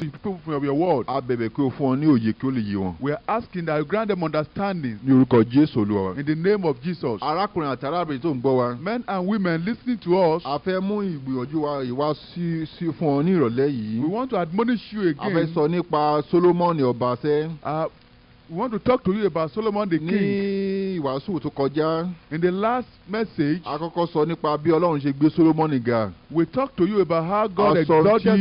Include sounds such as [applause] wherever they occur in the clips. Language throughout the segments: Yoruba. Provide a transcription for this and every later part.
to people from your world. fún ọ ní òye kí o lè yé won we are asking that you grant them understanding. ní orúkọ Jésù in the name of Jesus. arákùnrin àti arábìnrin tó ń gbọ́ wa. men and women listening to us. a fẹ́ mú ìgbìyànjú wa ìwá sí sí fún ọ ní ìrọ̀lẹ́ yìí. we want to admonish you again. a fẹ́ sọ nípa Solomoni ọba sẹ́. Uh, we want to talk to you about Solomon the king. ní ìwàásù tó kọjá. in the last message. a sọ nípa bí Ọlọ́run ṣe gbé Solomon ga. we talked to you about how God exalted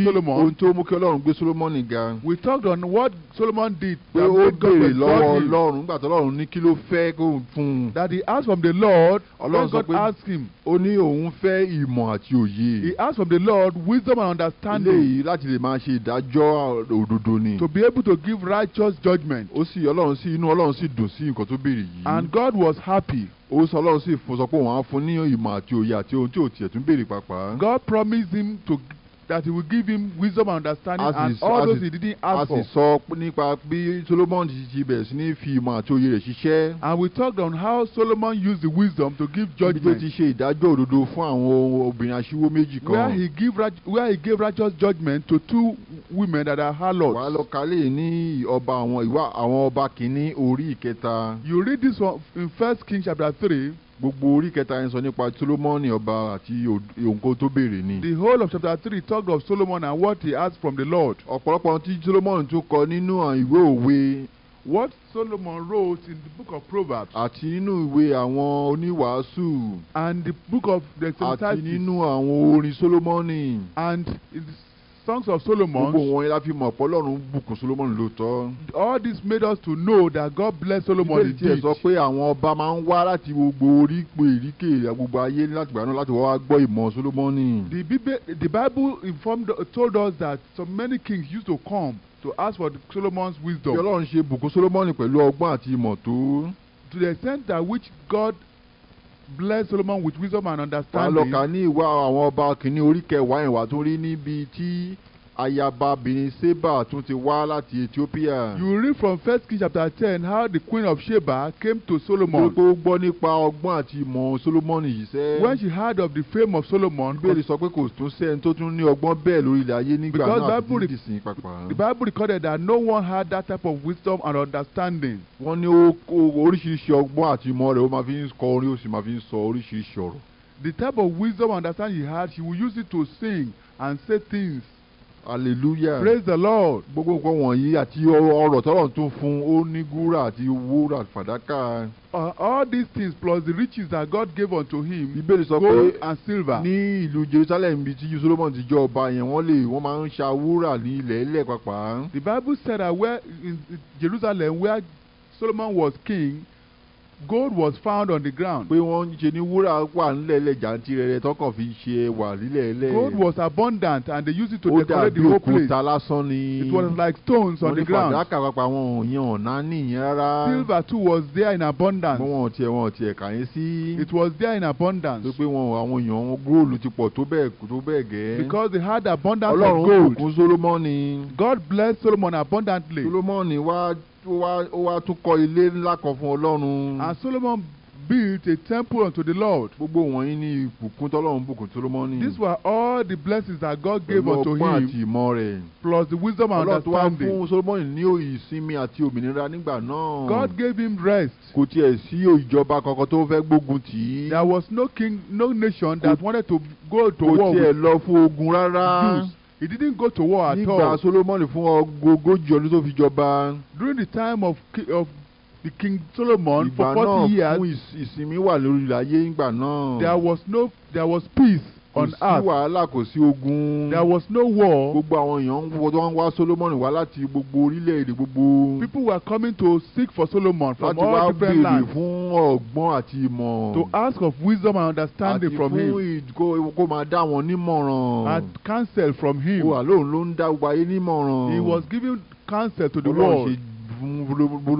Solomon. a sọ ohun tó mú kí Ọlọ́run gbé Solomon ga. we talked on what Solomon did. pé ó béèrè lọ́wọ́ Ọlọ́run nígbà tó Ọlọ́run ní kí ló fẹ́ kó fún un. that he asked from the Lord. Ọlọ́run sọ pé God asked him. ó ní òun fẹ́ ìmọ̀ àti òye. he asked from the Lord wisdom and understanding. ilé yìí láti lè máa ṣe ìdájọ́ òdodo ni. to be able to give righteous judgment. ó sì Ọlọ́run ọlọ́run sí inú ọlọ́run sì dùn sí nǹkan tó béèrè yìí. and God was happy. ó sọ ọlọ́run sì fún pé òun á fún ní ìmọ̀ àti òye àti ohun tí ò tiẹ̀ tún béèrè pàápàá. God promised him to that he will give him wisdom and understanding as and is, all those he didn't ask for. a sì sọ nípa bí Solomon ti ti bẹ̀rẹ̀ sí ní fi ìmọ̀ àti òye rẹ̀ ṣiṣẹ́. and we talked on how Solomon used the wisdom to give judgment. níbi tó ti ṣe ìdájọ́ òdodo fún àwọn obìnrin aṣíwó méjì kan. where he give where he gave righteous judgment to two women that are harlots. wàá lọ kálẹ̀ ní ọba àwọn ìwà àwọn ọba kìíní orí ìkẹta. you read this one in First Kings chapter three gbogbo orí kẹta yẹn sọ nípa solomoni ọba àti òǹkó tó béèrè ni. the whole of chapter three talked of solomon and what he asked from the lord. ọ̀pọ̀lọpọ̀ tí solomon tún kọ nínú ìwé òwe. what solomon wrote in the book of proverbs. àti nínú ìwé àwọn oníwàásù. and the book of the exercises. àti nínú àwọn orin solomoni. and it's songs of Solomon. gbogbo wọn la fi mọ̀ pé Ọlọ́run bùkún Solomon lóòótọ́. all this made us to know that God bless Solomon indeed. ìbéèrè tiẹ̀ sọ pé àwọn ọba máa ń wá láti gbogbo orípo èríkè gbogbo ayé láti gbàánú láti wá gbọ́ ìmọ̀ Solomon. the bible informed told us that so many kings used to come to ask for Solomon's wisdom. bí ṣe bùkún Solomon pẹ̀lú ọgbọ́n àti ìmọ̀ tó. to the extent that which God Bless Solomon with wisdom and understanding. wà á ní ìwà àwọn ọba kìíní orí kẹwàá ìwà tó rí níbi tí ayaba Bini Seba tún ti wá láti Ethiopia. You read from First Kings chapter ten how the queen of Sheba came to Solomon. Gbogbo gbọ́ nípa ọgbọ́n àti ìmọ̀ Solomon yìí sẹ́. When she heard of the fame of Solomon. Bíbélì sọ pé kò tún sẹ́ni tó tún ní ọgbọ́n bẹ́ẹ̀ lórí ilẹ̀ ayé nígbà náà àti ní ìsìn pàpà. The Bible recorded that no one had that type of wisdom and understanding. Wọ́n ní oríṣiríṣi ọgbọ́n àti ìmọ̀ rẹ̀ ó máa fi ń kọ orin ó sì máa fi ń sọ oríṣiríṣi ọ̀rọ̀. The type of wisdom and understanding he had, she would use it to sing and say things hallelujah praise the lord. gbogbo nǹkan wọ̀nyí àti ọrọ̀ tọ́lọ̀ tún fún ó ní gúrà àti wúrà fàdákà. Uh, all these things plus the riches that God gave unto him. ìbéèrè sọ pé gold and silver. ní ìlú Jerusalem bíi tí Solomon ti jọ ọba yẹn wọ́n lè wọ́n máa ń ṣa wúrà ní ilẹ̀ ilẹ̀ pàápàá. the Bible said that where in Jerusalem where Solomon was king gold was found on the ground. pé wọ́n ń ṣe ní wúrà wà nílẹ̀ẹ́lẹ̀ jàǹtí rẹ̀ tọkàn fi ṣe wà nílẹ̀ẹ́lẹ̀. gold was abundant and they used it to decorate the whole place. ó dàbí òkúta lásán ni. it was like stones on the ground. wọ́n ní fàdákà papọ̀ àwọn òyìn ọ̀nà nìyẹn rárá. silver too was there in abundance. wọ́n tiẹ̀ wọ́n tiẹ̀ kà yín sí. it was there in abundance. tó pé wọn àwọn èèyàn wọn góòlù ti pọ̀ tó bẹ́ẹ̀ tó bẹ́ẹ̀ gẹ́. because they had abundance of gold. ọlọ́run kò kún solomoni. God blessed Solomon abundantly. solomoni wá ó wá tún kọ́ ilé ńlá kan fún ọlọ́run. and Solomon built a temple unto the Lord. gbogbo wọ̀nyí ni ìbùkún tọ́lọ́run bùkún Solomoni. these were all the blessings that God gave unto him. pẹ̀lú ọgbọ́n àti ìmọ̀ rẹ̀. plus the wisdom and understanding. ọlọ́run tó fún Solomoni ní ìsinmi àti òmìnira nígbà náà. God gave him rest. kò tiẹ̀ sí ìjọba kankan tó fẹ́ gbógun tì í. there was no king no nation that wanted to go to war with Jews. kò tiẹ̀ lọ fún ogun rárá. Jews he didn't go to war at all. Nígbà Solomoni fún tó fi jọba. During the time of, of the King Solomon for forty years. Ìgbà náà fún ìsinmi wà lórí ayé ìgbà náà. There was no there was peace on earth. wàhálà kò sí ogun. there was no war. gbogbo àwọn èèyàn wọ́n wá wá láti gbogbo orílẹ̀-èdè gbogbo. people were coming to seek for Solomon from all different lands. láti wá béèrè fún ọgbọ́n àti ìmọ̀. to ask of wisdom and understanding from him. àti fún kó máa dá wọn nímọ̀ràn. and counsel from him. ló ń dá gbogbo ayé nímọ̀ràn. he was giving counsel to the world.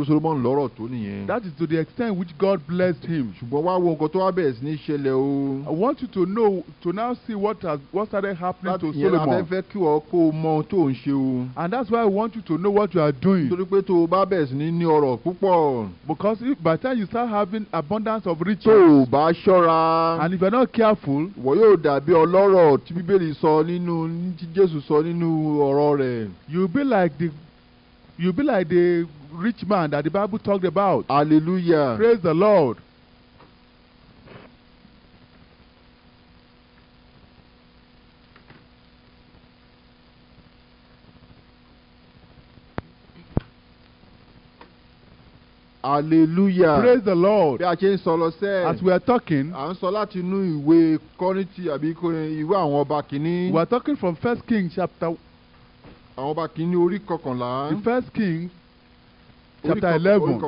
Solomon lọ́rọ̀ tó nìyẹn. that is to the extent which God blessed him. ṣùgbọ́n wá wo nǹkan tó wá bẹ̀rẹ̀ sí ní ṣẹlẹ̀ o. I want you to know to now see what has what started happening that to Solomon. kí kó o mọ tó ń ṣe o. and that's why I want you to know what you are doing. torí pé tó o bá bẹ̀rẹ̀ sí ní ní ọrọ̀ púpọ̀. because if by the time you start having abundance of riches. tó o bá ṣọ́ra. and if you are not careful. wọ́n yóò dàbí ọlọ́rọ̀ tí bíbélì sọ nínú tí Jésù sọ nínú ọ̀rọ̀ rẹ̀. you be like the you be like the rich man that the Bible talked about. Hallelujah. Praise the Lord. hallelujah. praise the lord. as we are talking. à ń sọ láti inú ìwé kọ́rìntì àbí ìwé àwọn ọba kìíní. we are talking from first king chapter àwọn ọba kìíní orí kọkànlá. the first king chapter eleven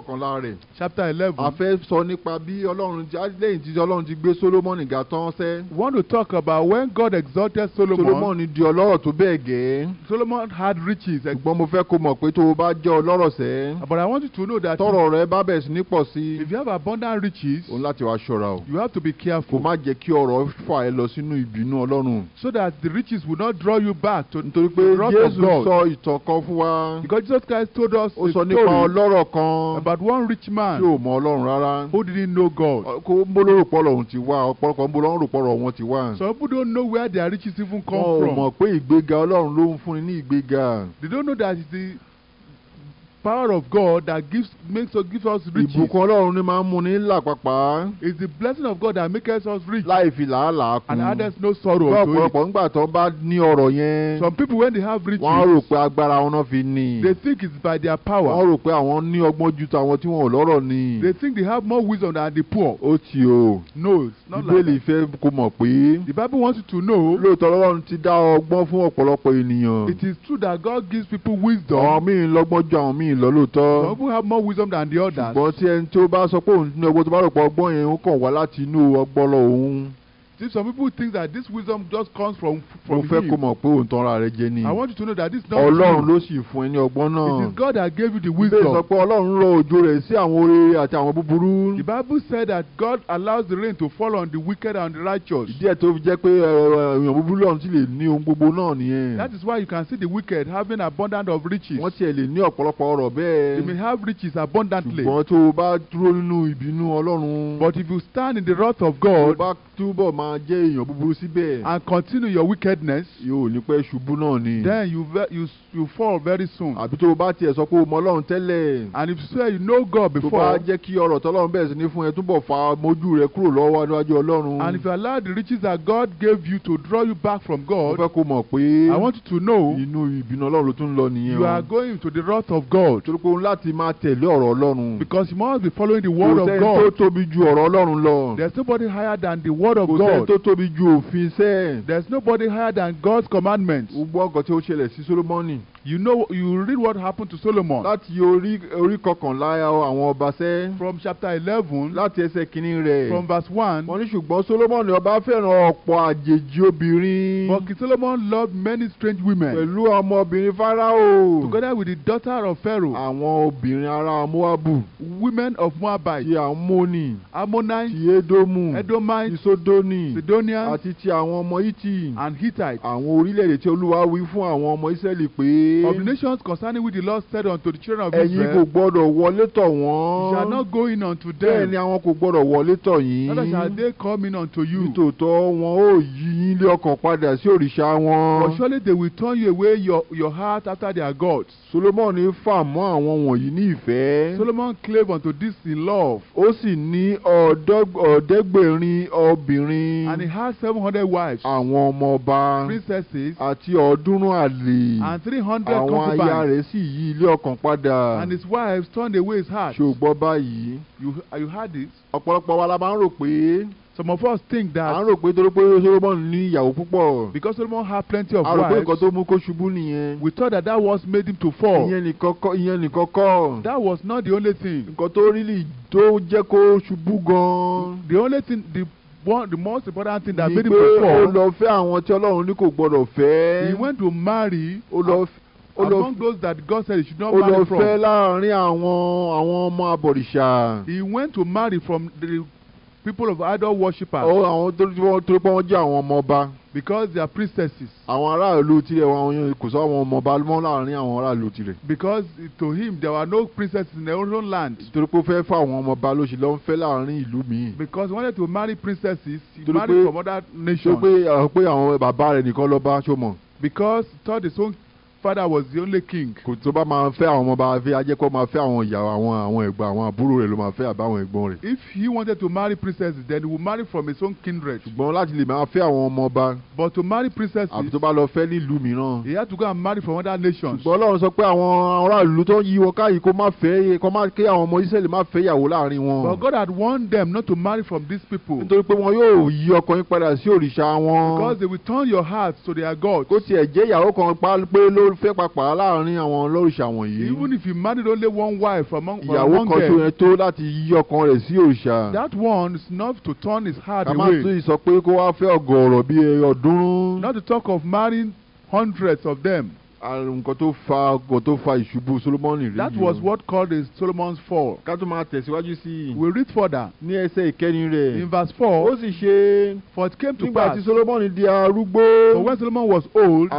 chapter eleven. a fẹ́ sọ nípa bí ọlọ́run lẹ́yìn tí ọlọ́run ti gbé solomoni ga tán sẹ́. we want to talk about when God exalted Solomon. solomoni di ọlọ́rọ̀ tó bẹ́ẹ̀ gẹ́. Solomon had riches. ṣùgbọ́n mo fẹ́ kó mọ̀ pé tó o bá jẹ́ ọlọ́rọ̀ sẹ́. but I want you to know that. tọrọ rẹ bá bẹ̀ ní pọ̀ sí. if you have abundant riches. o láti wá ṣọ́ra o. you have to be careful. kó má jẹ́ kí ọrọ̀ fà ẹ́ lọ sínú ìbínú ọlọ́run. so that the riches will not draw you back to, the wrath of God. nítorí pé Jésù sọ ìtàn because Jesus Christ told us lọ́rọ̀ kan. about one rich man. tí mọ ọlọ́run rárá. who didn't know God. kò ń bó lórò pọ̀lọ̀ ti wá ọ̀pọ̀lọpọ̀ ń bó lórò pọ̀lọ̀ òun ti wá. some people don't know where their riches even come from. wọn ò mọ̀ pé ìgbéga ọlọ́run ló ń fúnni ní ìgbéga. they don't know that it's the power of God that gives makes us gives us riches. ìbùkún Ọlọ́run ni máa ń mú ní làpapà. it's the blessing of God that makes us rich. láì fi làálàá kún. and others no sorrow to it. ọ̀pọ̀lọpọ̀ nígbà tó bá ní ọrọ̀ yẹn. some people when they have riches. wọ́n rò pé agbára wọn náà fi ní. they think it's by their power. wọ́n rò pé àwọn ní ọgbọ́n ju tàwọn tí wọn ò lọ́rọ̀ ni. they think they have more wisdom than the poor. ó ti o. no it's not like that. ìbéèlì ìfẹ́ kò mọ̀ pé. the Bible wants you to know. lóòótọ́ it is true that God gives people wisdom. àwọn míì lọ́gbọ́n lẹ́yìn lọ lóòótọ́. some people have more wisdom than the others. ṣùgbọ́n tí ẹni tí ó bá sọ pé òun ní ọgbọ́n tó bá rò pọ̀ ọgbọ́n yẹn ó kàn wá láti inú ọpọlọ òun if some people think that this wisdom just comes from from you. mo fẹ́ kó mọ̀ pé òun tanra rẹ jẹ ni. I want you to know that this is not true. Ọlọ́run ló sì fún ẹ ní ọgbọ́n náà. It is God that gave you the wisdom. Bẹ́ẹ̀ sọ pé Ọlọ́run rọ òjò rẹ̀ sí àwọn oore àti àwọn búburú. The Bible said that God allows the rain to fall on the wicked and the righteous. Ìdí ẹ̀ tó fi jẹ́ pé èèyàn búburú lọ́run sì lè ní ohun gbogbo náà nìyẹn. That is why you can see the wicked having abundant of riches. Wọ́n tiẹ̀ lè ní ọ̀pọ̀lọpọ̀ ọrọ̀ bẹ́ẹ̀. They may have riches abundantly. Ṣùgbọ́n tó o bá dúró nínú ìbínú Ọlọ́run. But if you stand in the wrath of God. Tó o bá túbọ̀ máa máa jẹ́ èèyàn búburú síbẹ̀. and continue your wickedness. yóò ní pẹ́ ṣubú náà ni. then you you you fall very soon. àbí tó o bá tiẹ̀ sọ pé o mọ ọlọ́run tẹ́lẹ̀. and if you say you know God before. tó bá jẹ́ kí ọ̀rọ̀ tọ́lọ́run bẹ̀rẹ̀ sí ní fún ẹ túbọ̀ fa mojú rẹ kúrò lọ́wọ́ níwájú ọlọ́run. and if you allow the riches that God gave you to draw you back from God. mo fẹ́ kó mọ̀ pé. I want you to know. inú ìbínú ọlọ́run ló tún lọ nìyẹn. you are going to the wrath of God. torí pé òun láti máa tẹ̀lé ọ̀rọ̀ ọlọ́run. because you must be following the word of God. kò sẹ́ni tó tóbi ju ọ̀rọ̀ ọlọ́run lọ. there is nobody higher than the word of God. kò sẹ́ẹ̀ tó tóbi ju òfin sẹ́ẹ̀. there is nobody higher than God's commandment. gbogbo ọgọ tí ó ṣẹlẹ̀ sí Solomoni you know you read what happened to Solomon. láti orí orí kọkànlá àwọn ọba sẹ́. from chapter eleven. láti ẹsẹ̀ kìíní rẹ̀. from verse one. wọ́n ní ṣùgbọ́n Solomon ọba fẹ́ràn ọ̀pọ̀ àjèjì obìnrin. but King Solomon loved many strange women. pẹ̀lú ọmọbìnrin Pharaoh. together with the daughter of Pharaoh. àwọn obìnrin ará Moabu. women of Moabite. ti Ammoni. Ammonite. ti Edomu. Edomite. ti Sodoni. Sidonians. àti ti àwọn ọmọ Hiti. and Hittite. àwọn orílẹ̀-èdè tí Olúwa wí fún àwọn ọmọ Ísírẹ́lì pé pé. of the nations concerning which the Lord said unto the children of Israel. ẹ̀yin kò gbọ́dọ̀ wọlé tọ̀ wọ́n. shall not go in unto them. bẹ́ẹ̀ àwọn kò gbọ́dọ̀ wọlé tọ̀ yín. neither shall they come in unto you. nítòótọ́ wọn ó yí yín lé ọkàn padà sí òrìṣà wọn. but surely they will turn you away your, your heart after their gods. Solomon fà mọ́ àwọn wọ̀nyí ní ìfẹ́. Solomon clave unto this in love. ó sì ní ọ̀ọ́dẹ́gbẹ̀rin obìnrin. and he had seven hundred wives. àwọn ọmọ ọba. princesses. àti ọ̀ọ́dúnrún àlè. and three hundred hundred concubines. àwọn aya rẹ̀ sì yí ilé ọkàn padà. and his wives turned away his heart. ṣùgbọ́n báyìí. you you heard it. ọ̀pọ̀lọpọ̀ wa la máa ń rò pé. Some of us think that. à ń rò pé torí pé Solomon ní ìyàwó púpọ̀. because Solomon had plenty of wives. a rò pé nǹkan tó mú kó ṣubú nìyẹn. we thought that that was made him to fall. ìyẹn nìkan kọ́ ìyẹn nìkan kọ́. that was not the only thing. nǹkan tó really tó jẹ́ kó ṣubú gan-an. the only thing the one the most important thing that made him to fall. ni pé ó lọ fẹ́ àwọn tí Ọlọ́run ní kò gbọdọ̀ fẹ́. he went to marry. ó lọ among those that God said he should not marry from. olùfẹ́ láàrin àwọn àwọn ọmọ abọ̀rìṣà. he went to marry from the people of idol worshippers. ó àwọn tó tó pé wọ́n jẹ́ àwọn ọmọ because they are priestesses. àwọn aráàlú tirẹ̀ wọn kò sọ àwọn ọmọ mọ́ láàrin àwọn aráàlú tirẹ̀. because to him there were no princesses in their own land. torí pé ó fẹ́ fún àwọn ọmọ ló ṣe lọ ń fẹ́ láàrin ìlú míì. because he wanted to marry princesses he married from other nations. torí pé àwọn bàbá rẹ̀ nìkan ló bá ṣó mọ̀. because thought his own father was the only king. kò tó bá máa fẹ́ àwọn ọmọ bá fẹ́ ajẹ́kọ́ máa fẹ́ àwọn ìyá àwọn àwọn ẹ̀gbọ́n àwọn àbúrò rẹ̀ ló máa fẹ́ àbá àwọn ẹ̀gbọ́n rẹ̀. if he wanted to marry princesses then he would marry from his own kindred. ṣùgbọ́n láti lè máa fẹ́ àwọn ọmọ but to marry princesses. àbí tó bá lọ fẹ́ nílùú mìíràn. he had to go and marry from other nations. ṣùgbọ́n Ọlọ́run sọ pé àwọn ará ìlú tó ń yí wọn káyìí kó má fẹ́ kó má kí àwọn ọmọ but God had warned them not to marry from these people. because they will turn your heart to their God olólùfẹ́ papà láàrin àwọn olórìṣà wọ̀nyí. even if you married only one wife among among them. ìyàwó kan tó yẹn tó láti yí ọkàn rẹ̀ sí òrìṣà. that one is not to turn his heart away. kàmá tún sọ pé kó wá fẹ́ ọgọ́rọ̀ bíi ọ̀ọ́dúnrún. not to talk of marrying hundreds of them. That was what caused Solomon's fall. We we read further. In verse 4. For it came to pass. So when Solomon was old.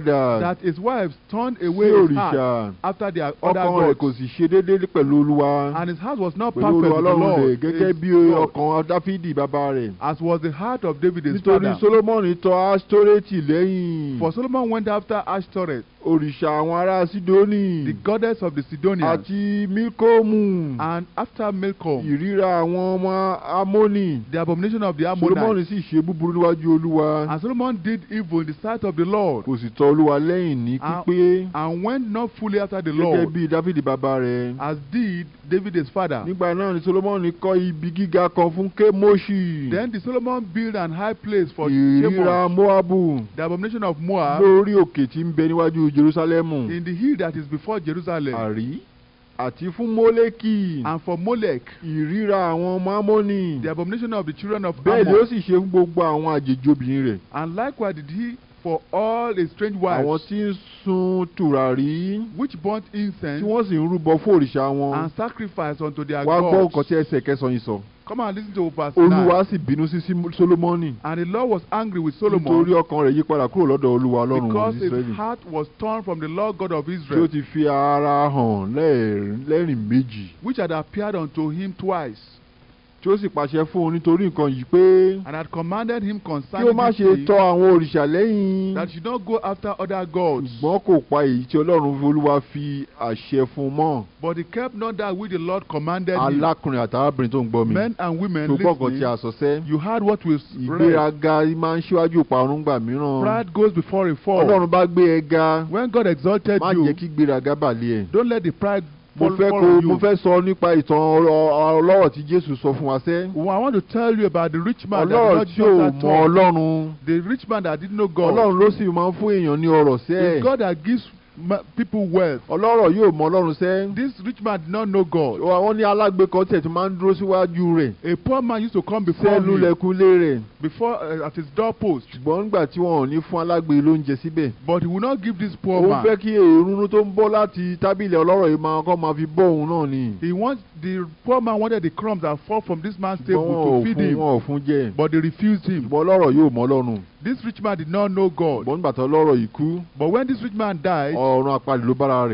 That his wives turned away his heart after their other gods. And his heart was not perfect with the Lord. As was the heart of David his father. Nítorí Solomon tọ Astoreti For Solomon went after Ashtoreth òrìṣà àwọn ará Sídónì. the goddess of the Sidonians. àti Milkomu. and after Milkom. ìríra àwọn ọmọ Amoni. the abomination of the Ammonites. Solomon sì ṣe búburú níwájú Olúwa. and Solomon did evil in the sight of the Lord. kò sì tọ̀ Olúwa lẹ́yìn ní pípé. and went not fully after the Lord. gẹ́gẹ́ bí Dáfídì bàbá rẹ̀. as did David his father. nígbà náà ni Solomon kọ́ ibi gíga kan fún Kémoṣì. then the Solomon built an high place for Kémoṣì. ìríra Moabu. the abomination of Moab. lórí òkè tí ń bẹ níwájú in the hill that is before jerusalem. àrí àti fún mólèkì. and for molek. ìríra àwọn ọmọ amóni. the abomination of the children of ammon. bẹ́ẹ̀ ni ó sì ṣe fún gbogbo àwọn àjèjì obìnrin rẹ̀. and likewise did he for all the strange wives. àwọn tí ń sun tùràrí. which burnt incense. tí wọ́n sì ń rúbọ fún òrìṣà wọn. and sacrifice unto their gods. wá gbọ́ nǹkan tí ẹsẹ̀ kẹsàn-án yìí sọ. come and listen to verse nine. olúwa sì bínú sí solomoni. and the lord was angry with solomon. nítorí ọkàn rẹ̀ yí kúrò lọ́dọ̀ olúwa ọlọ́run israeli. because his heart was torn from the lord god of israel. tí ó ti fi ara hàn lẹ́ẹ̀rín méjì. which had appeared unto him twice tí ó sì pàṣẹ fún un nítorí nǹkan yìí pé. and had commanded him concerning the king. kí ó má ṣe tọ àwọn òrìṣà lẹ́yìn. go after other gods. ṣùgbọ́n kò pa èyí tí ọlọ́run olúwa fi àṣẹ fún un mọ́. but he kept not that which the Lord commanded him. alákùnrin àtàrábìnrin tó ń gbọ́ mi. men and women listening. tó gbọ́kàn tí a sọ you heard what we read. ìgbéraga máa ń ṣíwájú ìparun mìíràn. pride goes before a fall. ọlọ́run bá gbé ẹ e ga. when God exalted you. má jẹ́ kí ìgbéraga bà don't let the pride mo fẹ́ kó mo fẹ́ sọ nípa ìtàn ọlọ́rọ̀ tí Jésù sọ fún wa sẹ́. I want to tell you about the rich man that did not know God ọlọ́run. the rich man that did not know God. ọlọ́run ló sì máa ń fún èèyàn ní ọrọ̀ sẹ́. the God that gives people wealth. ọlọ́rọ̀ yóò mọ ọlọ́run sẹ́. this rich man did not know God. wọ́n ní alágbe kan tẹ̀ Man, máa ń dúró síwájú rẹ̀. a poor man used to come before rẹ̀. before uh, at his door post. ṣùgbọ́n nígbà tí wọn ò ní fún alágbe síbẹ̀. but he will not give this poor man. ó fẹ́ kí èrúnú tó ń bọ́ láti tábìlì ọlọ́rọ̀ yìí máa kọ́ máa fi bọ́ òun náà ni. he wants the poor man wanted the crumbs that fall from this man's table to feed him. but they refused him. ṣùgbọ́n ọlọ́rọ̀ yóò mọ ọlọ́run this rich man did not know God. but when this rich man died.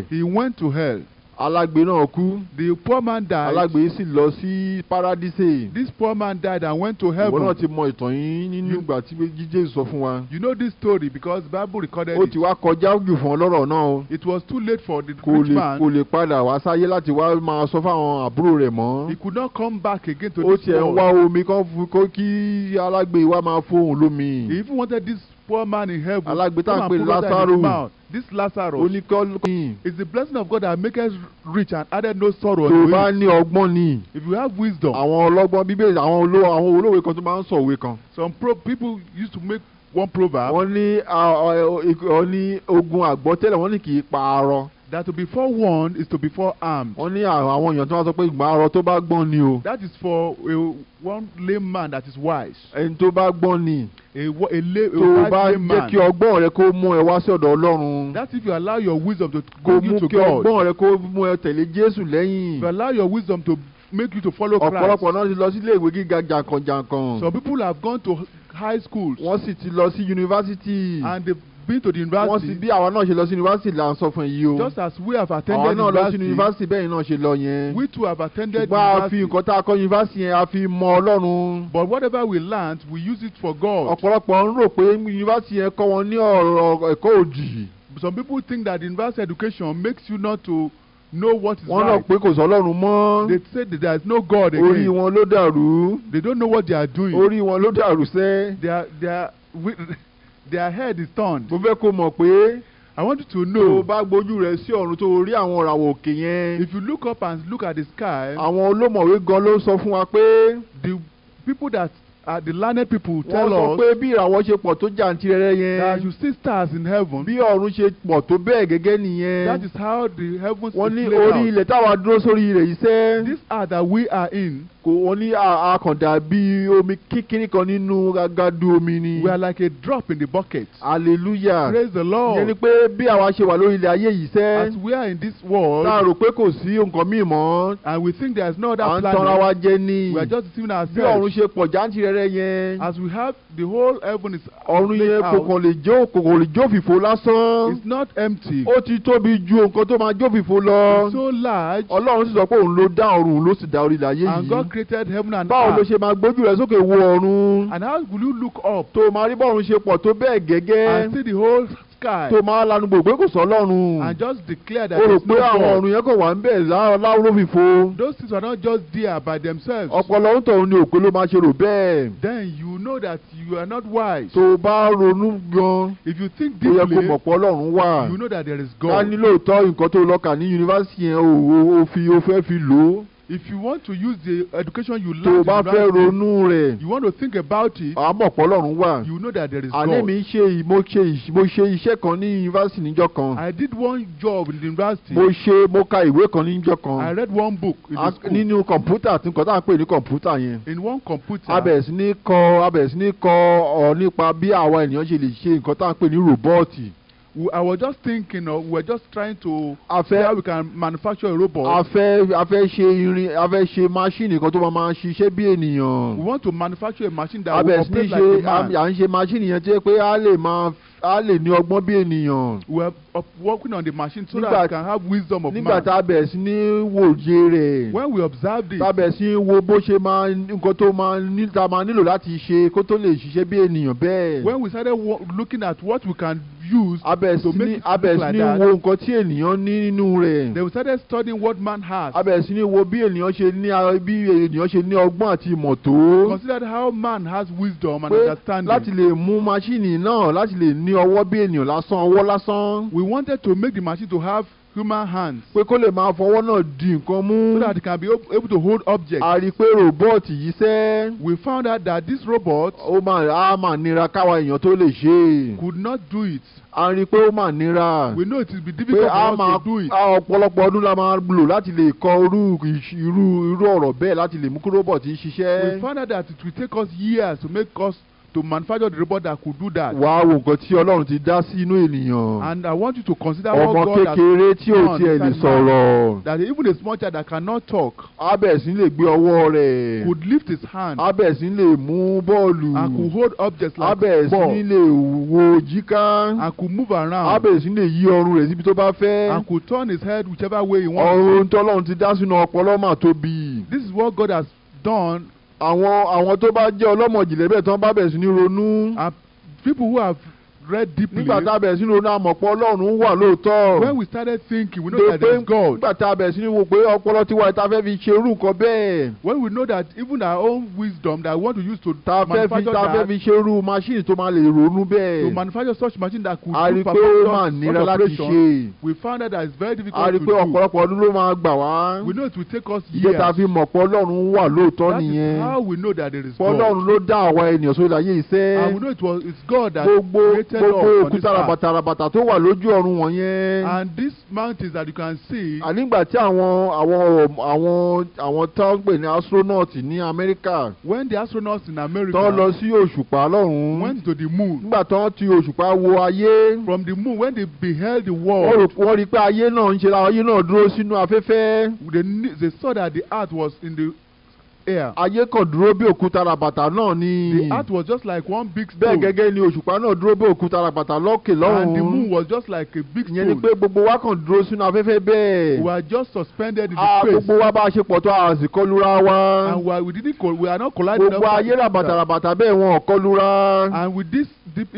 he went to hell. alágbe náà kú. the poor man died. alágbe sì lọ sí paradise. this poor man died and went to heaven. ìwọ náà ti mọ ìtàn yín nínú ìgbà tí Jésù sọ fún wa. you know this story because Bible recorded it. ó ti wá kọjá jù fún ọlọ́rọ̀ náà o. it was too late for the rich man. kò lè padà wá sáyé láti wá máa sọ fáwọn àbúrò rẹ̀ mọ́. he could not come back again to this world. ó tiẹ̀ ń wá omi kó kí alágbe wa máa fóun lómi. he even wanted this poor man in heaven. alágbètà ń pè Lásárù this Lazarus. ó ní kọ́ is the blessing of God that make us rich and added no sorrow. tó o bá ní ọgbọ́n ni. if you have wisdom. àwọn ọlọ́gbọ́n bíbélì àwọn olówó àwọn olówó kan tó máa ń sọ òwe kan. some pro people used to make one proverb. wọ́n ní ọ ní ogun àgbọ́tẹ́lẹ̀ wọ́n ní kì í pa arọ that to be forewarned is to be forearmed. wọ́n ní àwọn èèyàn tí wọ́n sọ pé ìgbà ọ̀rọ̀ tó bá gbọ́n ni o. that is for a one lame man that is wise. ẹni tó bá gbọ́n ni. a a lay a wise layman. tó bá jẹ́ kí ọgbọ́n rẹ kó mú ẹ wá sí ọ̀dọ̀ Ọlọ́run. that if you allow your wisdom to go you to God. kó mú kí ọgbọ́n rẹ kó mú ẹ tẹ̀lé Jésù lẹ́yìn. if you allow your wisdom to make you to follow Christ. ọ̀pọ̀lọpọ̀ náà ti lọ sí ilé ìwé gíga jàǹkànjàǹkàn. some people have gone to high schools. wọ́n sì ti lọ sí yunifásitì. and they been to the university. wọ́n sì bí àwa náà ṣe lọ sí university là ń sọ fún yìí o. just as we have attended university. àwa náà lọ sí university bẹ́ẹ̀ náà ṣe lọ yẹn. we too have attended But university. ṣùgbọ́n fi nǹkan tá a kọ́ university yẹn a fi mọ Ọlọ́run. but whatever we learnt we use it for God. ọ̀pọ̀lọpọ̀ ń rò pé university yẹn kọ́ wọn ní ọ̀rọ̀ ẹ̀kọ́ òdì. some people think that university education makes you not to know what is right. wọ́n lọ pé kò sọ́lọ́run mọ́. they say that there is no God again. orí wọn ló dàrú. they don't know what they are doing. orí wọn ló dàrú sẹ́. they are they are. [laughs] their head is turned. mo fẹ́ kó mọ̀ pé. I want you to know. tó o bá gbójú rẹ sí ọ̀run tó o rí àwọn ìràwọ̀ òkè yẹn. if you look up and look at the sky. àwọn olómọ̀wé gan ló sọ fún wa pé. the people that uh, the learned people tell us. wọ́n sọ pé bí ìràwọ̀ ṣe pọ̀ tó jàǹtirẹrẹ yẹn. that you see stars in heaven. bí ọ̀run ṣe pọ̀ tó bẹ́ẹ̀ gẹ́gẹ́ nìyẹn. that is how the heavens is laid out. wọ́n ní orí ilẹ̀ táwa dúró sórí rẹ̀ yìí sẹ́. this earth that we are in. kò wọ́n ní àkàndá bí omi kékeré kan nínú gàgàdú omi ni. we are like a drop in the bucket. hallelujah. praise the lord. ìyẹn ni pé bí àwa ṣe wà lórí ilẹ̀ ayé yìí sẹ́. as we are in this world. tá rò pé kò sí nǹkan míì mọ́. and we think there is no other planet. à ń tanra wa jẹ ni. we are just deceiving ourselves. bí ọ̀run ṣe pọ̀ jàǹtirẹrẹ abẹ́rẹ́ yẹn. as we have the whole heaven is. ọ̀run yẹn kòkàn lè jó kòkàn lè jó fìfò lásán. it's not empty. ó ti tóbi ju nǹkan tó máa jó fìfò lọ. it's so large. ọlọ́run sì sọ pé òun ló dá ọ̀run ló sì dá orí ilẹ̀ ayé yìí. and God created heaven and earth. báwo ló ṣe máa gbójú rẹ sókè wo ọ̀run. and how will you look up. tó o máa rí bọ́ọ̀run ṣe pọ̀ tó bẹ́ẹ̀ gẹ́gẹ́. and see the whole sky. tó máa lanu gbogbo kò sọ lọ́run. and just declare that there is no o rò pé àwọn ọ̀run yẹn kò wà ń bẹ̀ láwùrọ̀ fìfo. those things are not just there by themselves. ọpọlọ ń tọ̀hún ni òpè ló máa ṣe rò bẹ́ẹ̀. then you know that you are not wise. tó o bá ronú gan. if you think deeply. ó yẹ kó mọ̀ pé ọlọ́run wà. you know that there is God. ká ní lóòótọ́ nǹkan tó lọ́kà ní yunifásitì yẹn o fi o fẹ́ fi lò ó if you want to use the education you learn. tó o bá fẹ́ ronú rẹ̀. you want to think about it. àmọ́ pọ́lọ́run wà. you know that there is God. àní mi ṣe mo ṣe mo ṣe iṣẹ́ kan ní yunifásitì níjọ́ kan. I did one job in university. mo ṣe mo ka ìwé kan níjọ́ kan. I read one book in the school. nínú kọ̀mpútà tí nǹkan tá à ń pè ní kọ̀mpútà yẹn. in one computer. abẹ̀sí ní kọ abẹ̀sí ní kọ ọ nípa bí àwọn ènìyàn ṣe lè ṣe nǹkan tá à ń pè ní ròbọ́ọ̀tì. I was just thinking of we were just trying to. a fẹ́ how we can manufacture a robot. a fẹ́ a fẹ́ ṣe irin a machine we want to manufacture a machine that will operate like a man. abẹ à ń ṣe machine yẹn tí pé a lè máa a lè ní ọgbọ́n bí ènìyàn. we are working on the machine so nígbà, that we can have wisdom of man. nígbà tá a bẹ̀rẹ̀ sí ní wòye rẹ̀. when we observe this. tá a bẹ̀rẹ̀ sí ní wo bó ṣe máa nǹkan tó máa ní ta máa nílò láti ṣe kó tó lè ṣiṣẹ́ bí ènìyàn bẹ́ẹ̀. when we started looking at what we can do used to make like that. they started studying what man has. abẹ considered how man has wisdom and understanding. we wanted to make the machine to have human hands. pé kó lè máa fọwọ́ náà di nǹkan mú. so that it can be able to hold objects. a rí i pé robot yìí sẹ́. we found out that this robot. ó máa á máa nira káwa èèyàn tó lè ṣe. could not do it. a rí i pé ó máa nira. we know it will be difficult for us to do it. pé a máa ọ̀pọ̀lọpọ̀ ọdún la máa lò láti lè kọ irú irú irú ọ̀rọ̀ bẹ́ẹ̀ láti lè mú kí robot yìí ṣiṣẹ́. we found out that it will take us years to make us to manufacture the robot that could do that. wà wo nǹkan tí Ọlọ́run ti dá sí inú ènìyàn. and I want you to consider what God has done. ọmọ kékeré tí ò tiẹ̀ lè sọ̀rọ̀. that even a small child that cannot talk. abẹ́sìn lè gbé ọwọ́ rẹ̀. could lift his hand. abẹ́sìn lè mú bọ́ọ̀lù. and could hold objects like abẹ́sìn ball. abẹ́sìn lè wo jíká. and could move around. abẹ́sìn lè yí ọrùn rẹ̀ síbi tó bá fẹ́. and could turn his head whichever way he wants. ọrùn tọ́lọ́run ti dá sínú ọpọlọ tóbi. this is what God has done àwọn àwọn tó bá jẹ́ ọlọ́mọjìlẹ́bẹ̀ tán bá bẹ̀rẹ̀ sí ní ronú. Uh, people who have read deeply. nígbà tá a bẹ̀rẹ̀ sínú ronú àmọ̀pọ̀ ọlọ́run wà lóòótọ́. when we started thinking we know the that there is God. nígbà tá a bẹ̀rẹ̀ sínú wo pé ọpọlọ ti wà tá a fẹ́ fi ṣe irú nǹkan bẹ́ẹ̀. when we know that even our own wisdom that we want to use to manufacture that. tá a fẹ́ fi ṣe irú machine tó máa lè ronú bẹ́ẹ̀. to manufacture such machine that could do perform such operation we found out that it's very difficult to do. a rí pé ọ̀pọ̀lọpọ̀ ọdún ló máa gbà wá. we know it will take us years. ìgbẹ́ta fi mọ̀pọ̀ ọlọ́run wà lóòótọ́ nìyẹn. that is how we know that there is God. ọlọ́run ló dá àwa ènìyàn sórí ayé iṣẹ́. and we know it was it's God that created gbogbo òkúta rabatarabata tó wà lójú ọ̀run wọ̀nyẹn. and these mountains that you can see. ànígbà tí àwọn àwọn àwọn àwọn tá ń pè ní astronauts ní America. when the astronauts in America. tó lọ sí òṣùpá lọ́run. went to the moon. nígbà tó ti òṣùpá wo ayé. from the moon when they beheld the world. wọ́n rí i pé ayé náà ń ṣe ayé náà dúró sínú afẹ́fẹ́. they saw that the earth was in the ayé kan dúró bí òkúta ràbàtà náà ni. the earth was just like one big stone. bẹ́ẹ̀ gẹ́gẹ́ ni òṣùpá náà dúró bí òkúta ràbàtà lókè lọ́hùn. and the moon was just like a big stone. ìyẹn ni pé gbogbo wa kàn dúró sínú afẹ́fẹ́ bẹ́ẹ̀. we are just suspended in the ah, space. gbogbo wa bá a ṣe pọ̀ tó a sì kọlura wa. and we, we didn't call we are not colliding. gbogbo ayé ràbàtà ràbàtà bẹ́ẹ̀ wọn ò kọlura. and with these deep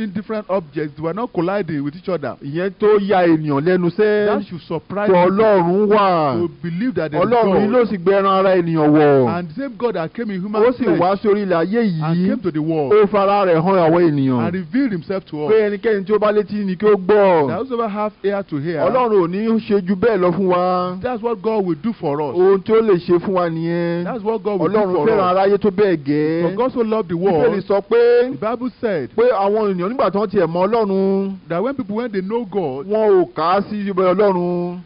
objects we are not colliding with each other. ìyẹn tó ya ènìyàn lẹ́nu sẹ́. that should surprise you. ọlọ́run wà. to believe that there is God. ọlọ́run yìí ló sì gbẹran ara ènìyàn wọ̀. and same God that came in human flesh. ó sì wá sórí ilẹ̀ ayé yìí. and came to the world. ó fara rẹ̀ hàn àwọn ènìyàn. and revealed himself to us. pé ẹnikẹ́ni tí ó bá létí ni kí ó gbọ́. that whosoever have ear to hear. ọlọ́run ò ní ṣe ju bẹ́ẹ̀ lọ fún wa. that's what God will do for us. ohun tí ó lè ṣe fún wa nìyẹn. that's what God will ọlọ́run do for us. ọlọ́run fẹ́ràn aráyé tó bẹ́ẹ̀ gẹ́. for God so loved the world. bíbélì sọ pé. the bible said. pé àwọn ènìyàn nígbà tí wọ́n tiẹ̀ mọ ọlọ́run. that when people when they know God. wọn ò kà sí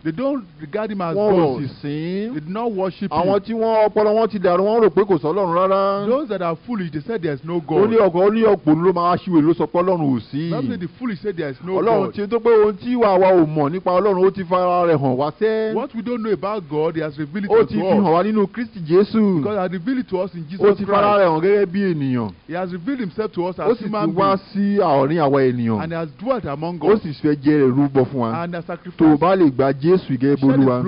they don't regard him as God. they do not worship him rò pé kò sọ ọlọ́run rárá. those that are foolish they say there is no God. ó ní ọkọ ó ní ọ̀pọ̀ ló máa ṣíwèé ló sọ pé ọlọ́run ò sí. that's why the foolish say there is no God. ọlọ́run ti tó pé ohun tí wàá wa ò mọ̀ nípa ọlọ́run ó ti fara rẹ̀ hàn wá sẹ́. what we don't know about God he has revealed to us. ó ti fi hàn wá nínú Kristi Jésù. because he has revealed to us in Jesus Christ. ó ti fara rẹ̀ hàn gẹ́gẹ́ bí ènìyàn. he has revealed himself to us as human beings. ó sì ti wá sí àárín àwa ènìyàn. and he has dwelt among us. ó sì fẹ́ jẹ rẹ̀ rúbọ fún wa. and has sacrificed. tó o bá lè gba Jésù gẹ́gẹ́ bí Olúwa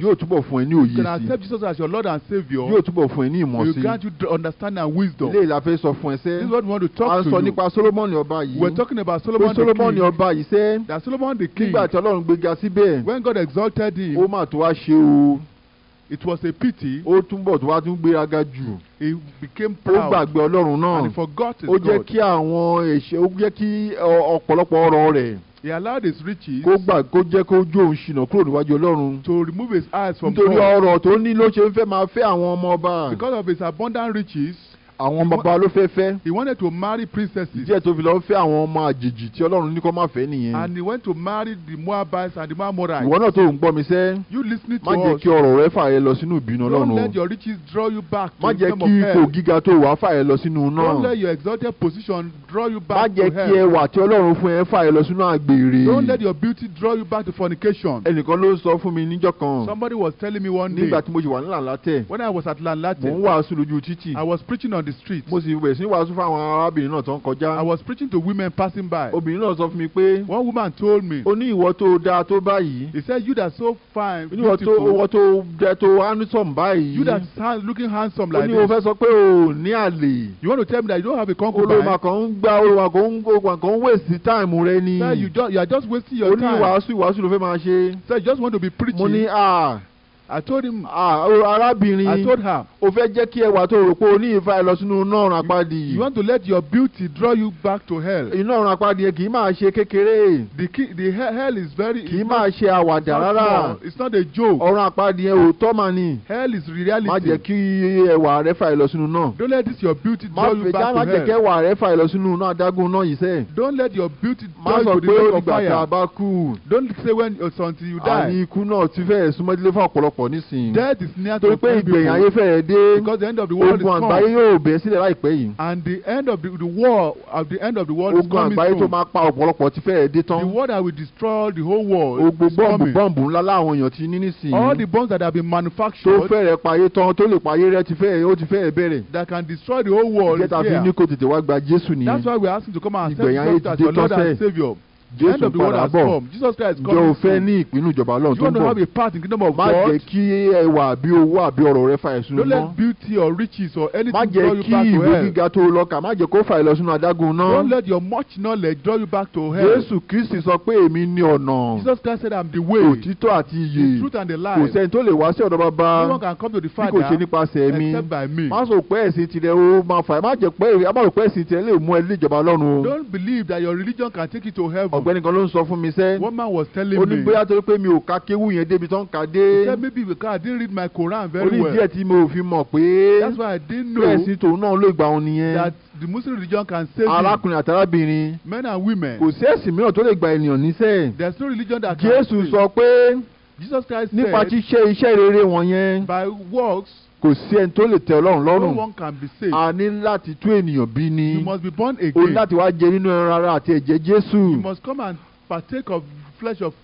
yóò túbọ̀ fún ẹ ní òye sí you can accept Jesus as your Lord and Saviour. yóò túbọ̀ fún ẹ ní ìmọ̀ sí. he grant you understanding and wisdom. ilé ìlà sọ fún ẹ sẹ́. this is what we want to talk to you. a sọ nípa Solomon ọba yìí. we are talking about Solomon the king. pé Solomon ọba yìí sẹ́. that Solomon the king. nígbà tí Ọlọ́run gbéga síbẹ̀. when God exalted him. ó mà tó wá ṣe o. It was a pity. Ó túnbọ̀ tó wá tún gbéraga jù. He became proud. Ó gbàgbé Ọlọ́run náà. And he forgot his God. Ó jẹ́ kí àwọn èṣe ó jẹ́ kí ọ̀pọ̀lọpọ̀ ọ̀rọ̀ rẹ̀. He allowed his riches. Kó gbà kó jẹ́ kó jó òun ṣìnà kúrò níwájú Ọlọ́run. To remove his eyes from God. Nítorí ọrọ̀ tó ní ló ṣe ń fẹ́ máa fẹ́ àwọn ọmọ ọba. Because of his abundant riches àwọn bàbá ló he wanted to marry princesses. díẹ̀ tó fi lọ fẹ́ àwọn ọmọ àjèjì tí ọlọ́run ní kó má fẹ́ nìyẹn. and he went to marry the Moabites and the Amorites. ìwọ náà tó ń gbọ́ mi sẹ́. you listening to us. má jẹ́ kí ọrọ̀ rẹ fà ẹ́ lọ sínú ìbínú ọlọ́run. don't let your riches draw you back to the kingdom of hell. má jẹ́ kí ipò gíga tó wà fà ẹ́ lọ sínú náà. don't let your exalted position draw you back to hell. má jẹ́ kí ẹwà tí ọlọ́run fún ẹ fà ẹ́ lọ sínú àgbèrè. don't let your beauty draw you back to fornication. somebody was telling me one day. when I was at làlátẹ̀. I was preaching on the street. mo sì bẹ̀rẹ̀ sí wàásù fáwọn arábìnrin náà tó ń kọjá. I was preaching to women passing by. obìnrin náà sọ fún mi pé. one woman told me. ó ní ìwọ tó dáa tó báyìí. he said you that so fine. ìwọ tó ìwọ tó jẹ tó handsome báyìí. you that stand looking handsome like this. ó ní mo fẹ́ sọ pé o ní àlè. you want to tell me that you don't have a concubine. olùwà kan ń gba olùwà kan ń kan ń waste time rẹ ni. sir you, you are just wasting your time. ó ní ìwàásù ìwàásù ló fẹ́ máa ṣe. sir you just want to be preaching. mo ní ah. I told him. Ah, arábìnrin I told her. o fẹ́ jẹ́ kí ẹwà tó rò pé o ní ìfà ẹ lọ sínú iná ọ̀run apádi you want to let your beauty draw you back to hell. iná ọ̀run apádi yẹn kì máa ṣe kékeré. the key the hell is very. kì máa ṣe àwàdà rárá. it's not a joke. ọ̀run apádi yẹn òótọ́ máa ní. hell is reality. má jẹ́ kí ẹwà rẹ fà ẹ lọ sínú náà. don't let this your beauty draw you back to hell. má jẹ́ kí ẹwà rẹ fà ẹ lọ sínú iná adágún náà yìí sẹ́. don't let your beauty draw you to the fire. má sọ pé ó pọ̀ nísìnyí. death is near to us. torí pé ìgbẹ̀yìn ayé fẹ́rẹ̀ dé. because the end of the world is coming. ogun àgbáyé yóò bẹ̀rẹ̀ sílẹ̀ láìpẹ́ yìí. and the end of the, the war at uh, the end of the world is coming soon. ogun àgbáyé tó máa pa ọ̀pọ̀lọpọ̀ ti fẹ́rẹ̀ dé tán. the war that will destroy the whole world is coming. ogun bọ́ọ̀bù bọ́ọ̀bù ńlá láwọn èèyàn ti ní nísìnyí. all the bombs that have been manufactured. tó fẹ́rẹ̀ payé tán tó lè payé rẹ ó ti fẹ́rẹ̀ bẹ̀rẹ̀. that can destroy the whole world. ìjẹta fi that's why we ask to come and accept Christ as your Lord and saviour jésù padà bọ̀ jọ òfẹ́ ní ìpinnu ìjọba ọlọ́run tó ń bọ̀ má jẹ́ kí ẹwà àbí owó àbí ọ̀rọ̀ rẹ fa ẹ̀sùn mọ́ má jẹ́ kí ìwé gíga tó lọ́ka má jẹ́ kó fà ẹ́ lọ adágún náà. don't let your much knowledge draw you back to hell. jésù kristi sọ pé èmi ni ọ̀nà. jesus christ said i'm the way. òtítọ́ àti iyè kò sẹ́ni tó lè wá sí ọ̀dọ̀ bàbá bí kò ṣe nípasẹ̀ mi. má sọ pé ẹ̀sìn tirẹ̀ ó máa fà má jẹ́ pé ẹ̀sìn tirẹ̀ lè mú ẹ lé ìjọba ọlọ́run. don't believe that your religion can take you to heaven ọ̀gbẹ́ni kan ló ń sọ fún mi sẹ́. one man was telling me. ó ní bóyá torí pé mi ò ka kéwù yẹn débi tó ń ka dé. he said maybe because I didn't read my Quran very well. ó ní díẹ̀ tí mo fi mọ̀ pé. that's why I didn't know. bẹ́ẹ̀ sì tòun náà ló ìgbà òun nìyẹn. that the Muslim religion can save you. arákùnrin àtàrábìnrin. men and women. kò sí ẹ̀sìn mìíràn tó lè gba ènìyàn níṣẹ́. there is no religion that can save. Jésù sọ pé. Jesus Christ said. nípa ṣíṣe iṣẹ́ rere wọ̀nyẹn. by works kò sí ẹni tó lè tẹ ọlọ́run lọ́rùn no one can be saved a ní láti tún ènìyàn bí ni you must be born again o ní láti wá jẹ nínú ẹran ara àti ẹ̀jẹ̀ Jésù you must come and partake of flesh of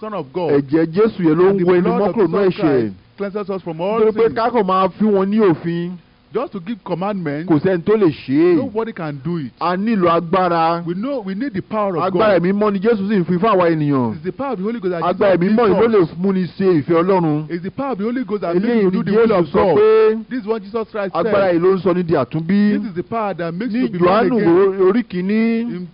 son of God ẹ̀jẹ̀ Jésù yẹn ló ń wẹ inú mọ́kòrò náà ẹ̀ṣẹ̀ nítorí pé kákò máa fi wọn ní òfin just to give commandment. kò sẹ́ni tó lè ṣe é. nobody can do it. a nílò agbára. we know we need the power of agbára God. agbára ẹ̀mí mọ́ ni Jésù sì ń fi fún àwa ènìyàn. it's the power of the Holy Ghost that Jesus gives us. agbára ẹ̀mí mọ́ ló lè mú ni ṣe ìfẹ́ Ọlọ́run. it's the power of the Holy Ghost that makes you do the will of God. eléyìí ni Jésù sọ pé this is what Jesus Christ said. agbára yìí ló ń sọ ní di àtúnbí. this is the power that makes you be born again. ní Jòhánù orí kìíní.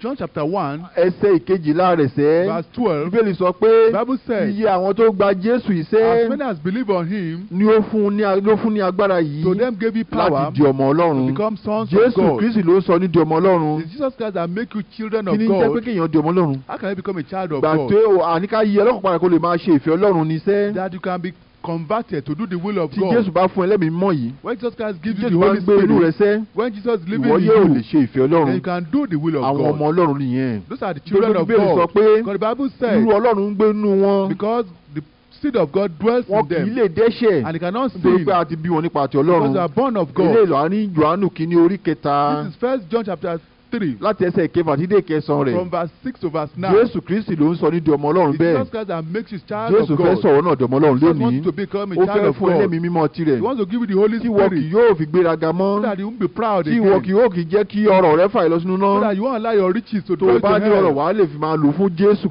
John chapter one. ẹsẹ̀ ìkejìlá rẹ̀ sẹ́. verse twelve. bíbélì sọ pé. bible says, iye àwọn tó gba Jésù yìí as many as believe on him. ni ó fún ní ló fún ní agbára yìí. to them gave you power. láti di ọmọ Ọlọ́run. to become sons of God. Jésù Kristi ló sọ ní di ọmọ Ọlọ́run. it's Jesus Christ that make you children of God. kí ni jẹ́ pé kéèyàn di ọmọ Ọlọ́run. how can you become a child of God. gbàtẹ́ àníkà yí ọlọ́kùnrin padà lè máa ṣe ìfẹ́ Ọlọ́run ni sẹ́. that you can be converted to do the will of God. tí Jésù bá fún ẹlẹ́mìí mọ́ yìí. when Jesus Christ gives you the Holy Spirit. Jésù bá gbé inú rẹ sẹ́. when Jesus lives in you. ìwọ yóò lè ṣe ìfẹ́ Ọlọ́run. then you can do the will of God. àwọn ọmọ Ọlọ́run nìyẹn. those are the children of God. gbogbo ìbéèrè sọ pé. because the Bible says. irú Ọlọ́run ń gbé inú wọn. because the seed of God dwells in them. wọn kì í lè dẹ́ṣẹ̀. and they cannot sin. nítorí pé bí wọn nípa àti Ọlọ́run. because they are born of God. ilé ìlànà this is first John chapter three. láti ẹsẹ̀ kẹfà sí dé kẹsàn-án rẹ̀. from verse six to verse nine. Jésù Kristi ló ń sọ ní di ọmọ Ọlọ́run bẹ́ẹ̀. Jesus Christ that makes you child Jesus of God. Jésù fẹ́ sọ̀rọ̀ náà di ọmọ Ọlọ́run lónìí. Jesus wants to become a child of God. ó fẹ́ fún ẹlẹ́mìí mímọ́ tirẹ̀. he wants to give you the holy spirit. tí ìwọ kì yóò fi gbéraga mọ́. so that you won't be proud again. tí kì yóò kì jẹ́ kí ọrọ̀ rẹ fà ìlọsínú náà. so that you won't allow your riches to draw you to hell.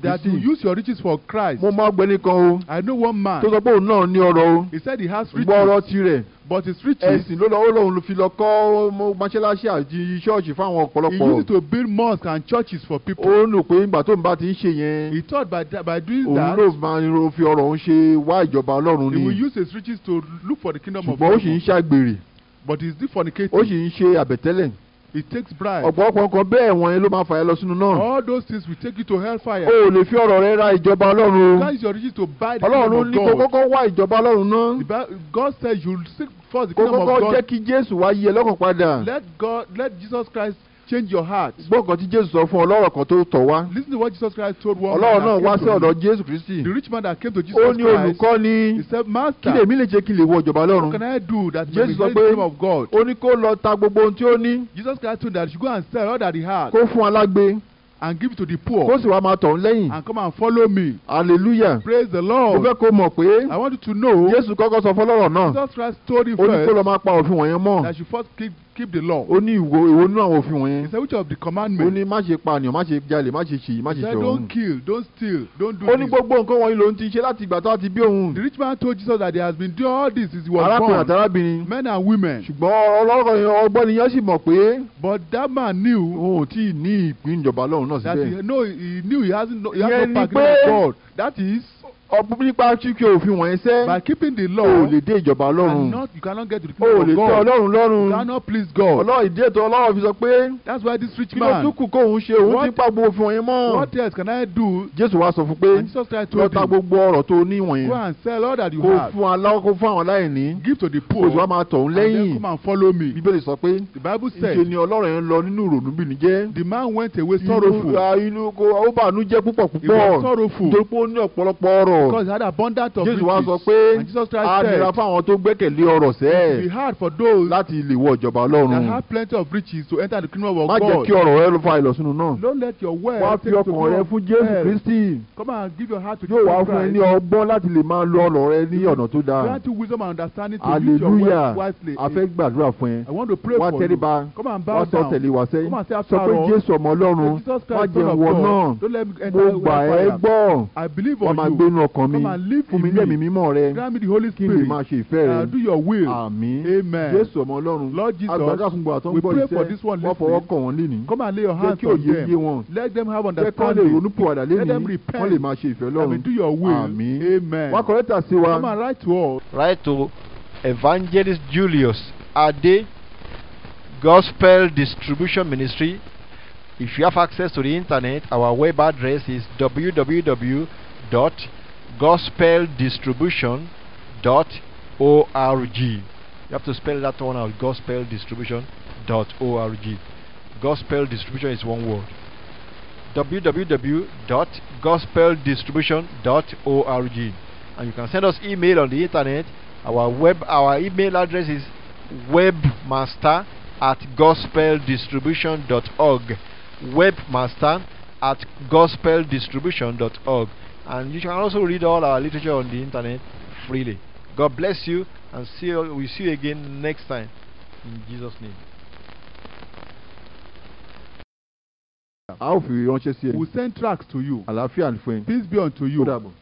that you use your riches for Christ. I know one man. he said he has riches but his riches. to. ló lọ ó lóun fi lọ kọ́ mọ́ṣáláṣí àti ṣọ́ọ̀ṣì fáwọn ọ̀pọ̀lọpọ̀. he used to build mosques and churches for people. ó ń lò pé ìgbà tó ń bá ti ń ṣe yẹn. he thought by, by doing that. òun ló máa fi ọrọ̀ òun ṣe wá ìjọba ọlọ́run ni. he will use his riches to look for the kingdom of God. ṣùgbọ́n ó sì ń ṣàgbèrè. but he is still fornicating. ó sì ń ṣe àbẹ̀tẹ́lẹ̀. It takes bribe. ọ̀pọ̀lọpọ̀ nǹkan bẹ́ẹ̀ wọ̀nyí ló máa fà lọ sínú náà. All those things will take you to hellfire. o ò lè fi ọ̀rọ̀ rẹ ra ìjọba ọlọ́run. that is your reason to buy the kingdom of God. ọlọ́run ní kó kọ́kọ́ wá ìjọba ọlọ́run náà. God said you seek first the kingdom of God. kó kọ́kọ́ jẹ́ kí Jésù wá yẹ lọ́kàn padà. let God let Jesus Christ change your heart. gbọ́ kan tí Jésù sọ fún ọlọ́rọ̀ kan tó tọ̀ wá. listen to what Jesus Christ told one man. ọlọ́rọ̀ náà wá sí ọ̀dọ̀ Jésù Kristi. the rich man that came to Jesus Christ. ó ní olùkọ́ ni. he said master. kí lèmi lè ṣe kí lè wọ ìjọba lọ́run. what can I do that may be the name of God. ó ní kó lọ ta gbogbo ohun tí ó ní. Jesus Christ told that you go and sell all that he had. kó fún alágbe and give to the poor. kó sì wá máa tọ̀ lẹ́yìn. and come and follow me. hallelujah. praise the lord. mo fẹ́ kó mọ̀ pé. I want you to know. Jésù kọ́kọ́ sọ fọlọ́rọ̀ náà. Jesus Christ told you first. ó ní kó lọ máa pa òfin wọ̀nyẹn mọ́. that you first keep keep the law. ó ní ìwo ìwo nínú àwọn òfin wọ̀nyẹn. he said which of the commandments. ó ní má ṣe pànìyàn má ṣe jalè má ṣe ṣì má ṣe ṣòro. he said don't kill don't steal don't do this. ó ní gbogbo nǹkan wọ̀nyí lòun ti ṣe láti ìgbà tó ti bí òun. the rich man told Jesus that he has been doing all this since he was born. arákùnrin àti arábìnrin. men and women. ṣùgbọ́n ọlọ́kọ̀ ọgbọ́n ni yẹn sì mọ̀ pé. but that man knew. òun ò ní ìpín ìjọba lọ́run náà síbẹ̀. that he, no, he knew he hasn't, he has no that is ọ̀bùn nípa kíkẹ òfin wọ̀nyí sẹ́. by keeping the law. Oh. o lè dé ìjọba ọlọ́run. and not you cannot get to the people of God. o lè tẹ́ ọlọ́run lọ́run. you cannot please God. ọlọ́run ìdí ètò ọlọ́run fi sọ pé. that's why this rich man. kí ló tún kù kóun ṣe òun ti pa gbogbo òfin wọ̀nyí mọ́. what else can I do. Jésù wá sọ fún pé. and Jesus Christ told him. lọ gbogbo ọrọ̀ tó ní wọ̀nyí. go and sell all that you have. kó fún aláwọ̀ kó fún àwọn aláìní. give to the poor. oṣù máa tọ̀ ń lẹ́yìn. and then come and follow me. bíbélì sọ the bible said. Because he had abundant of riches. Jésù wá sọ pé a nira It will be hard for those. Láti lè wọ ìjọba Ọlọ́run. That have plenty of riches to enter the kingdom of God. Má jẹ́ kí ọrọ̀ rẹ ló fa ìlọsínú náà. Don't let your wealth take to God. Wá fi ọkàn rẹ fún Jésù Kristi. Come and give your heart to Jesus Christ. Yóò wá fún ẹ ní ọgbọ́n láti lè máa lo ọrọ̀ rẹ ní ọ̀nà tó dáa. Grant you wisdom and understanding to use your wealth wisely. Hallelujah. A fẹ́ gbàdúrà fún ẹ. I want to pray for you. Wá tẹríba. Come and bow down. Wá tẹ̀lé wá sẹ́yìn. Come and say after all. Sọ pé Jésù ọmọ Ọlọ́run. Jesus Christ, son of God. Má jẹ́ wọ náà. Don't let me enter your fire. Mo gbà ẹ gbọ́. I believe on you. Wọ́n máa gbénu ọkàn mi fún mi lẹ́mìí mímọ́ rẹ kí n lè máa ṣe ìfẹ́ rẹ uh, àmín jésù ọmọ ọlọ́run agbada fún gbogbo àtọ́ ń gbọ́ iṣẹ́ wọ́n fọwọ́ kàn wọ́n léni jẹ́ kí òye yé wọn jẹ́ kí wọ́n lè ronú pọ̀wàdà léni wọ́n lè máa ṣe ìfẹ́ lọ́run àmín wá kọ́lẹ́tà sí wa. write to evangelist Julius Ade Gospel Distribution Ministry. If you have access to the internet, our web address is www. dot. gospeldistribution.org. You have to spell that one out gospeldistribution.org. Gospel distribution is one word. www.gospeldistribution.org. And you can send us email on the internet. Our web our email address is webmaster at gospeldistribution.org. Webmaster at gospeldistribution.org and you can also read all our literature on the internet freely. God bless you and see you, we see you again next time in Jesus name. How will you we send tracks to you. Alafia and friend. Peace be unto you.